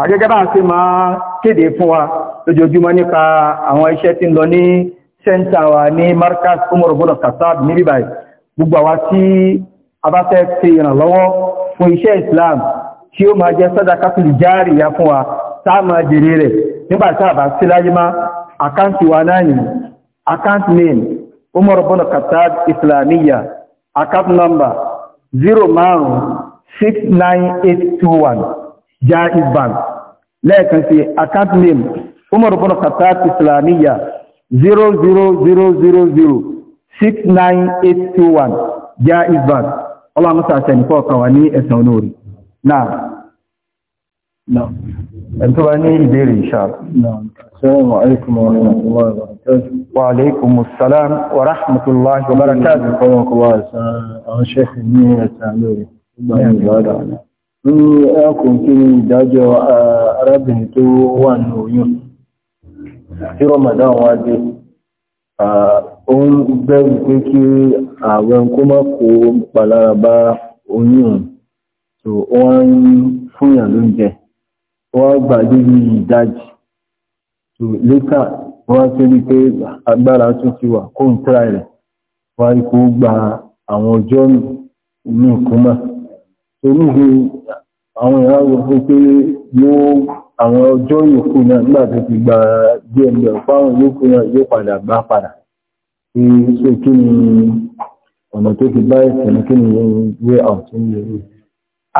àgẹ́gẹ́ bá ń ṣe máa kéde fún wa lójoojúmọ́ nípa àwọn iṣẹ́ tí ń lọ ní sẹ́ńtà wa ní markaz umar bodo kasab ní bíbáyì gbogbo àwa tí a bá fẹ́ ṣe ìrànlọ́wọ́ fún iṣẹ́ islam tí ó máa jẹ́ sádàkátùlì jáàríyá fún wa táà máa jèrè rẹ̀ nígbàtí àbá sí láyé má àkáǹtì wa náà ni account name umar bin khattab islamiyya account number 0569821 jaiz bank lẹ́ẹ̀kan sí account name umar bin khattab islamiyya 000006981 jaiz bank ọlọ́run sàṣẹ̀ nìkọ́ ọ̀kan wà ní ẹ̀sàn olóòrì náà ẹ̀tọ́ bá ní ìbéèrè ìṣàrà wa alaikum assalam wa rahmatullahi wa barakatuh kọwọ́n kọwọ́ ẹ̀sán àwọn ṣẹ́fì ní ẹ̀sán lórí ní ẹkùn kí ní ìdájọ́ arábìnrin tó wà ní oyún tí Ramadan wá dé ó ń bẹ̀rù pé kí ààwẹ̀ kó má kó palára bá oyún so wọ́n fúnyàn lóúnjẹ wọ́n gbà débi ìdájì tó létà wọ́n tó rí pé agbára tó ti wà kó ń tẹ́ra rẹ̀ wọ́n rí kó gba àwọn ọjọ́ ní ìkúmọ̀ tó níbi àwọn ìran wọ́n fún pé yóò àwọn ọjọ́ yòókù náà nígbà tó ti gba díẹ̀ ní ọ̀pá àwọn yòókù náà yóò padà gbá padà pé ṣé kí ni ọ̀nà tó fi bá ẹ̀sìn kí ni way out ń lè rí.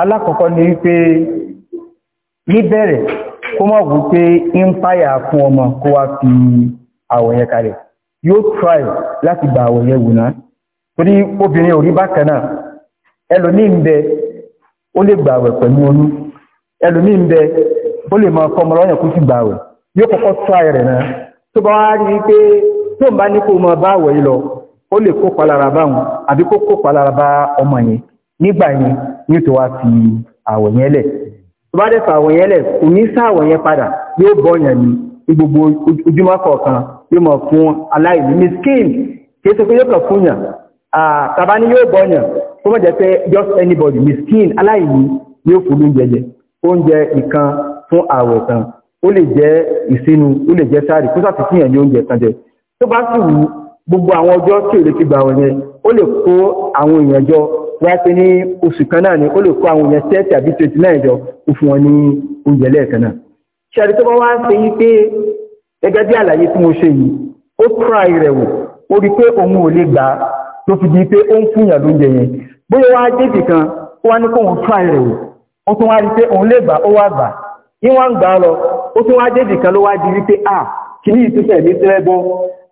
alákọ̀ọ́kọ́ ni wípé níbẹ̀rẹ̀ kó mọ̀ wù pé ń páyà fún ọmọ kó wá fi àwọ̀ yẹn kalẹ̀ yóò try láti gba àwọ̀ yẹn wù náà torí obìnrin ò rí bákan náà ẹlòmíì ń bẹ ó lè gbà àwẹ̀ pẹ̀lú oyún ẹlòmíì ń bẹ ó lè máa fọmọ lọ́yàn kó sì gbà àwẹ̀ yóò kọ́kọ́ try rẹ̀ náà tó bá wá rí i pé tó ń bá ní kó máa bá àwẹ̀ lọ ó lè kópa lára bá wọn àbí kó kópa lára bá ọmọ yẹn nígbà yẹn yóò tó wá fi àwọ̀ lẹ̀ bá dẹ̀ fàwọn yẹn lẹ̀ kò ní sáwọn yẹn padà yóò bọ̀yàn ní gbogbo ojúmọ́ kọ̀ọ̀kan yóò mọ̀ fún aláìní miskin kìí ṣe pé yóò kàn fún yàn tàbá ní yóò bọ̀yàn kó mọ̀ pé just anybody miskin aláìní yóò fún lóúnjẹ jẹ oúnjẹ ìkan fún ààwẹ̀ kan ó lè jẹ́ ìsinu ó lè jẹ́ sáré kó sàtìkíyàn ní oúnjẹ kan jẹ tó bá sì wù gbogbo àwọn ọjọ́ tí ò wá pé ní oṣù kan náà ni ó lè kó àwọn èèyàn tẹ́ẹ̀tì àbí twenty nine jọ ó fún wọn ní oúnjẹ lẹ́ẹ̀kan náà ṣàrí tó bá wá ṣe yí pé gẹ́gẹ́ bí àlàyé tí mo ṣe yìí ó try rẹ̀ wò ó rí pé òun ò lè gbà tó fi di pé ó ń fún yàn lóúnjẹ yẹn bóyá wá débì kan ó wá ní kóun try rẹ̀ wò ó tún wá rí pé òun lè gbà ó wá gbà ní wọ́n ń gbà lọ ó tún wá débì kan ló wá di wípé à kì ní ìtúsẹ̀ mi tẹ́lẹ̀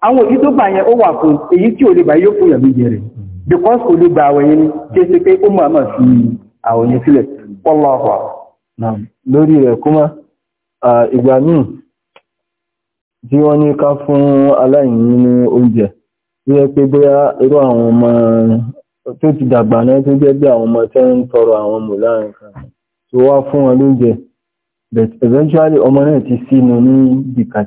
àwọn èyí tó gbà yẹn ó wà fún èyí tí ò lè gbà yóò fún yàn lóúnjẹ rẹ̀ because olùgbà àwẹ̀ yìí ni kí ṣe pé ó máa fi àwẹ̀ yẹn sílẹ̀ pọ́lọ́ọ̀pọ̀ lórí rẹ̀ kúmọ́ ìgbà míì tí wọ́n ní ká fún aláìní ní oúnjẹ tí pé irú àwọn ọmọ tó ti dàgbà náà tó ọmọ tẹ́ ń tọrọ àwọn láàrin kan tó wá but eventually ọmọ náà ti sínú ní bìkà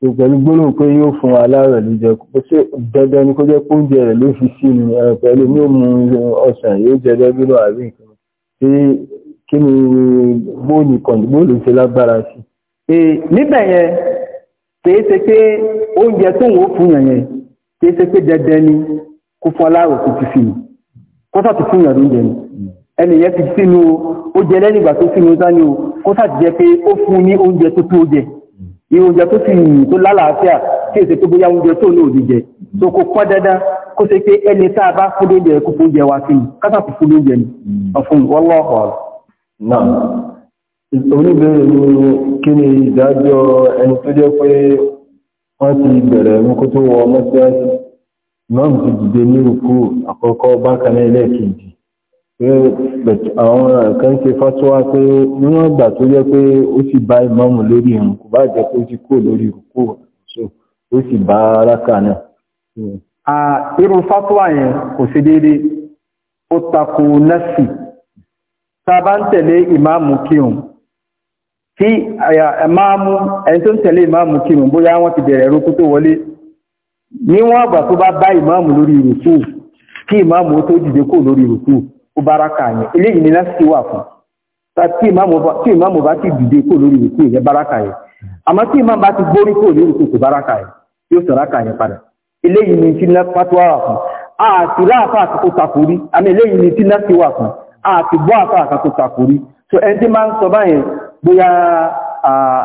tó pẹ̀lú gbólóhùn pé yóò fún aláàrẹ̀ ló jẹ kó ṣe dandan ni kó jẹ́ pé oúnjẹ rẹ̀ ló fi sí ni pẹ̀lú ní òmu ọ̀sán yóò jẹ dẹ́gbẹ́lọ́ àrí nǹkan tí kí ni bóòlù kọ̀ǹdù bóòlù ṣe lágbára sí. níbẹ̀ yẹn kìí ṣe pé oúnjẹ tó ń wò fún yẹn kìí ṣe pé dandan ni kó fún aláàrẹ̀ kó ti fi kó sà fún yàn lóúnjẹ ni ẹni yẹn ti sínú ó jẹ lẹ́yìn ìgbà tó sínú dání o kó sà ti jẹ pé ó fún ní oúnjẹ tó tó jẹ ìròjẹ tó ti yìn tó lálàáfíà tí èsè tó bóyá oúnjẹ tó ní òdìjẹ tó kó pọ́n dandan kó ṣe pé ẹni tá a bá fún lóúnjẹ kó fún oúnjẹ wa sí ni kásàkó fún lóúnjẹ ni hmm. ọ̀fun wọ́lọ́ọ̀kọ̀ náà oníbẹ̀rẹ̀ ni kí ni ìdájọ́ ẹni tó jẹ́ pé wọ́n ti bẹ̀rẹ̀ mú kó àwọn kan ṣe fásitì pé níwọ̀n ìgbà tó jẹ́ pé ó sì bá ìmáàmù lórí ìrun kò bá jẹ́ pé ó kó lórí ìrùkú so ó sì bá aráka náà. irú fásitì yẹn kò ṣe déédéé ó tako nẹ́sì tá a bá ń tẹ̀lé ìmáàmù kírun tí ìmáàmù ẹni tó ń tẹ̀lé ìmáàmù kírun bóyá wọ́n ti bẹ̀rẹ̀ ìrun kó tó wọlé níwọ̀n ìgbà tó bá bá ìmáàmù lórí ìrùkú kí ìmáàmù ó tó dìde kó lórí ìrùkú ó yẹn eléyìí ni láti wà fún tí ìmáàmù bá ti dìde kó lórí ìrùkú yẹn báraka yẹn àmọ́ tí ìmáàmù bá ti gbórí kó lórí ìrùkú kò yẹn yóò sọ̀rọ̀ aka yẹn padà eléyìí ni tí láti wà fún àti láàfà àkókò takòrí àmì eléyìí ni tí láti wà fún àti bọ́ àfà àkókò takòrí so ẹni tí máa ń sọ báyẹn bóyá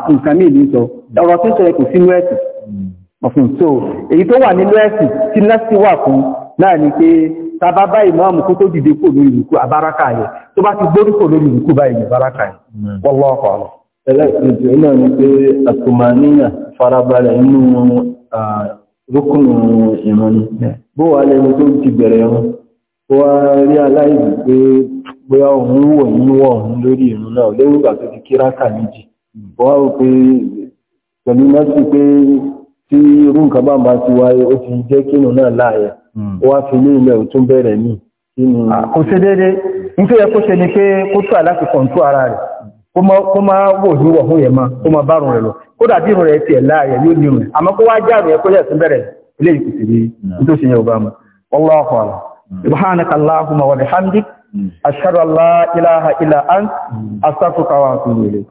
nǹkan míì ní sọ ọ̀rọ̀ tí ń sọ yẹn sínú ẹ̀sìn hmm. ọ̀fun so èyí tó wà nínú ẹ̀sìn tí láti wà fún náà ni pé tàbá bá ìmáàmù kó tó dìde kò lórí ìrùkú àbáraka yẹ tó bá ti gbórí kò lórí ìrùkú báyìí àbáraka yẹ wọ́lọ́ọ̀kọ̀ ọ̀nà. ẹlẹ́kìnjẹ́ náà ni pé àtùmánìyàn farabalẹ̀ inú rúkùnù ìrànni bó wà lẹ́nu tó ti bẹ̀rẹ̀ wọn ó wá rí aláìsí pé bóyá òun wò ní wọ̀ òun pẹ̀lú mẹ́sì pé tí irú nǹkan bá ń ti wáyé ó ti jẹ́ kínú náà láàyè Hmm. wá fi lé ilẹ̀ òtún bẹ̀rẹ̀ ní ah, kò ṣe déédé nítorí ẹ kó ṣe ni pé kó tó àláti kọ̀ǹtú ara rẹ̀ kó má wò ní wọ̀ fún yẹn kó má rẹ̀ lọ kó dàbí rẹ̀ yóò ní àmọ́ kó wá jáàrùn kó tún bẹ̀rẹ̀ ilé